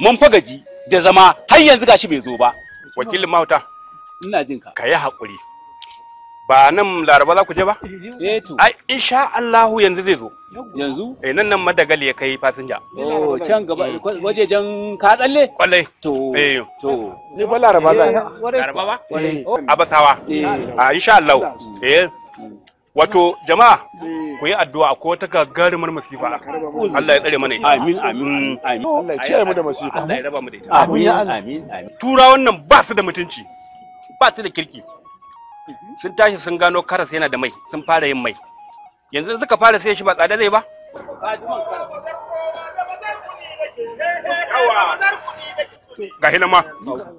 Mun fa gaji da zama har yanzu gashi bai zo ba. Wakilin Mauta. Ina jin ka. Ka yi haƙuri. Ba nan Laraba za ku je ba? Eh to. Ai insha Allahu yanzu zai zo. Yanzu? Eh nan nan madagali ya kai fasinja. Oh can gaba wajejen ka Kwalle. To. Eh to. Ni ba Laraba za. Eh, Laraba ba? Kwalle. Eh. Abasawa. Eh ah, insha Allahu. Eh. Wato jama'a eh. ku yi addu'a ko ta gagarumar masifa Allah ya tsare mana ita amin amin amin Allah ya kiyaye mu da masifa Allah ya raba mu da ita amin amin amin turawan nan ba su da mutunci ba su da kirki sun tashi sun gano karas yana da mai sun fara yin mai yanzu suka fara sai shi ba tsada zai ba ga hina ma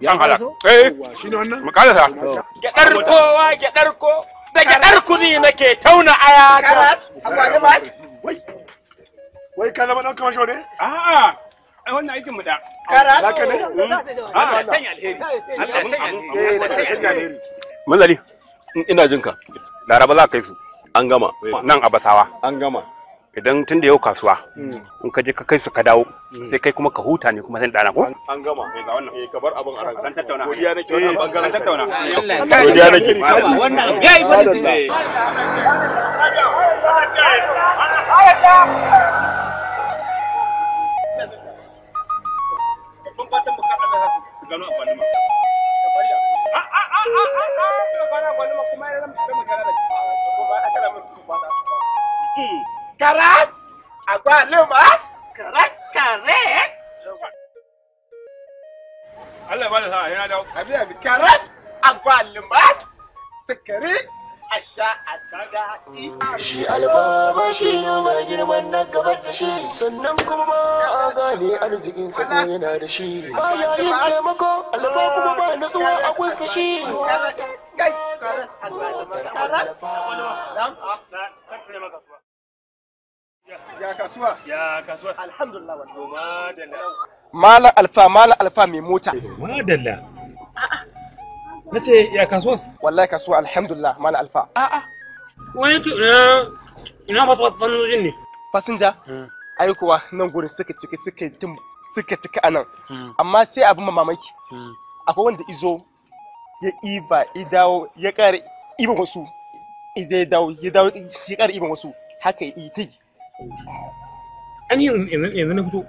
an hala eh shi ne wannan mu kalasa gyadar wa gyadar ko da gyadar na nake tauna aya wai ka zama dan shi ne a'a ai wannan aikin mu da karas zaka ne hmm. sanya alheri Allah sanya alheri mallali ina laraba za ka kai su an gama nan basawa. an gama idan tun da yau kasuwa hmm. in ka je ka kai su ka dawo hmm. sai kai kuma ka huta ne kuma sai dana ko an gama eh ga wannan eh ka bar abin a ran kan tattauna godiya nake eh, wannan bangaren tattauna Allah godiya nake wannan yayi fadi ne Mm. hmm karas, agwalumas, karas, kare. Allah ba da sa'a yana da abi abi karas, agwalumas, sukari, asha a daga Shi albaba shi ne girman nan gabar da shi, sannan kuma ba a gane arzikin sa ko yana da shi. Ba ya yin taimako, alba kuma ba natsuwa a kunsa shi. Karas, karas, agwalumas, karas. Ya kasuwa. Ya kasuwa. Alhamdulillah wallahi. Madalla. Malam Alfa, mala Alfa mai mota. Madalla. Na ce ya kasuwa? Wallahi kasuwa alhamdulillah mala Alfa. A'a. Wani tu na ina ba fasinjojin ne. Fasinja? Hmm. Ai kuwa nan gurin suka ciki suka tim suka cika anan. Hmm. Amma sai abin mamaki. Hmm. Akwai wanda izo ya iba ya dawo ya ƙara iban wasu. Ije ya dawo ya dawo ya ƙara iban wasu. Haka ya yi ta yi. an yanzu na fito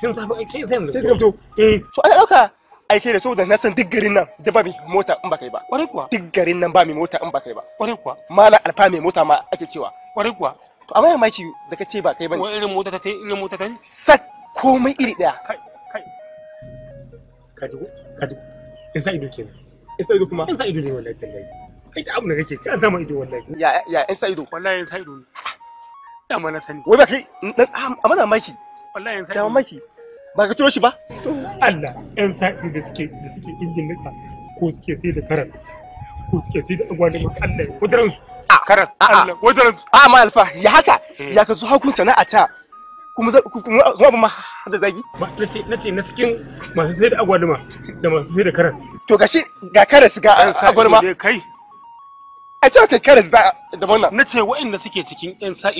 tun safe ake sai yanzu sai ka fito eh to ai dauka aike da saboda na san duk garin nan da ba mai mota in ba kai ba kwarai kuwa duk garin nan ba mai mota in ba kai ba kwarai kuwa mala alfa mai mota ma ake cewa kwarai kuwa to amma ya maki da kace ba kai ba? wani irin mota ta ta irin mota ta ne Sa komai iri daya kai kai ka ji ka ji in sa ido kenan in sa ido kuma in sa ido ne wallahi tallahi kai ta abu da kake ci an sa ma ido wallahi ya ya in sa ido wallahi in sa ido ne da ma sani wai ba kai mm. dan ah, a mana maki wallahi yan da maki ba ka turo shi ba Allah yan sa'i da suke da suke injin nika ko suke sai da karas ko suke sai da agwaluma Allah kudaran su ah, karas ah, Allah kudaran a ma alfa ya haka eh. ya ka zo hakun sana'a ta kuma abin ma da zagi? Na ce na cikin masu sai da agwaluma da masu sai da karas. To gashi ga karas ga agwaluma. An sa kai. A ce kai karas da wannan. Na ce wa'inda suke cikin 'yan sa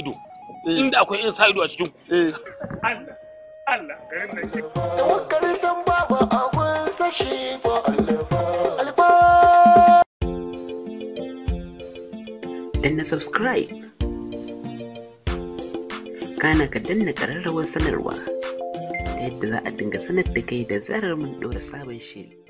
Eh. inda akwai yan sa ido a cikin ku Allah eh. Allah garin nan ki tawakkal san babu abun sashi ba alfa danna subscribe kana ka danna kararrawar sanarwa ta yadda za a dinga sanar da kai da zarar mun ɗora sabon shiri